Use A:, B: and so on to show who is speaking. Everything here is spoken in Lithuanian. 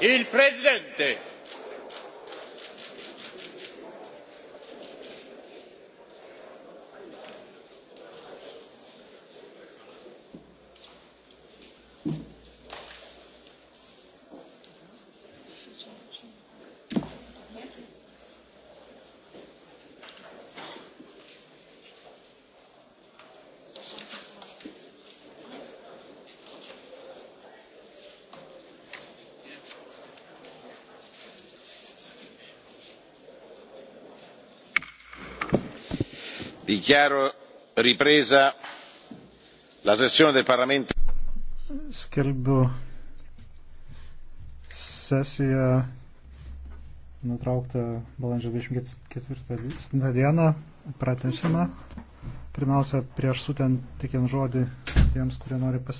A: Il Presidente.
B: dichiaro
C: ripresa la sessione del parlamento
D: skelbiu
E: sesiją
F: nutrauktą balandžio 24 dieną pratęsiamą pirmiausia prieš sutent tikiant žodį tiems kurie nori pasisakyti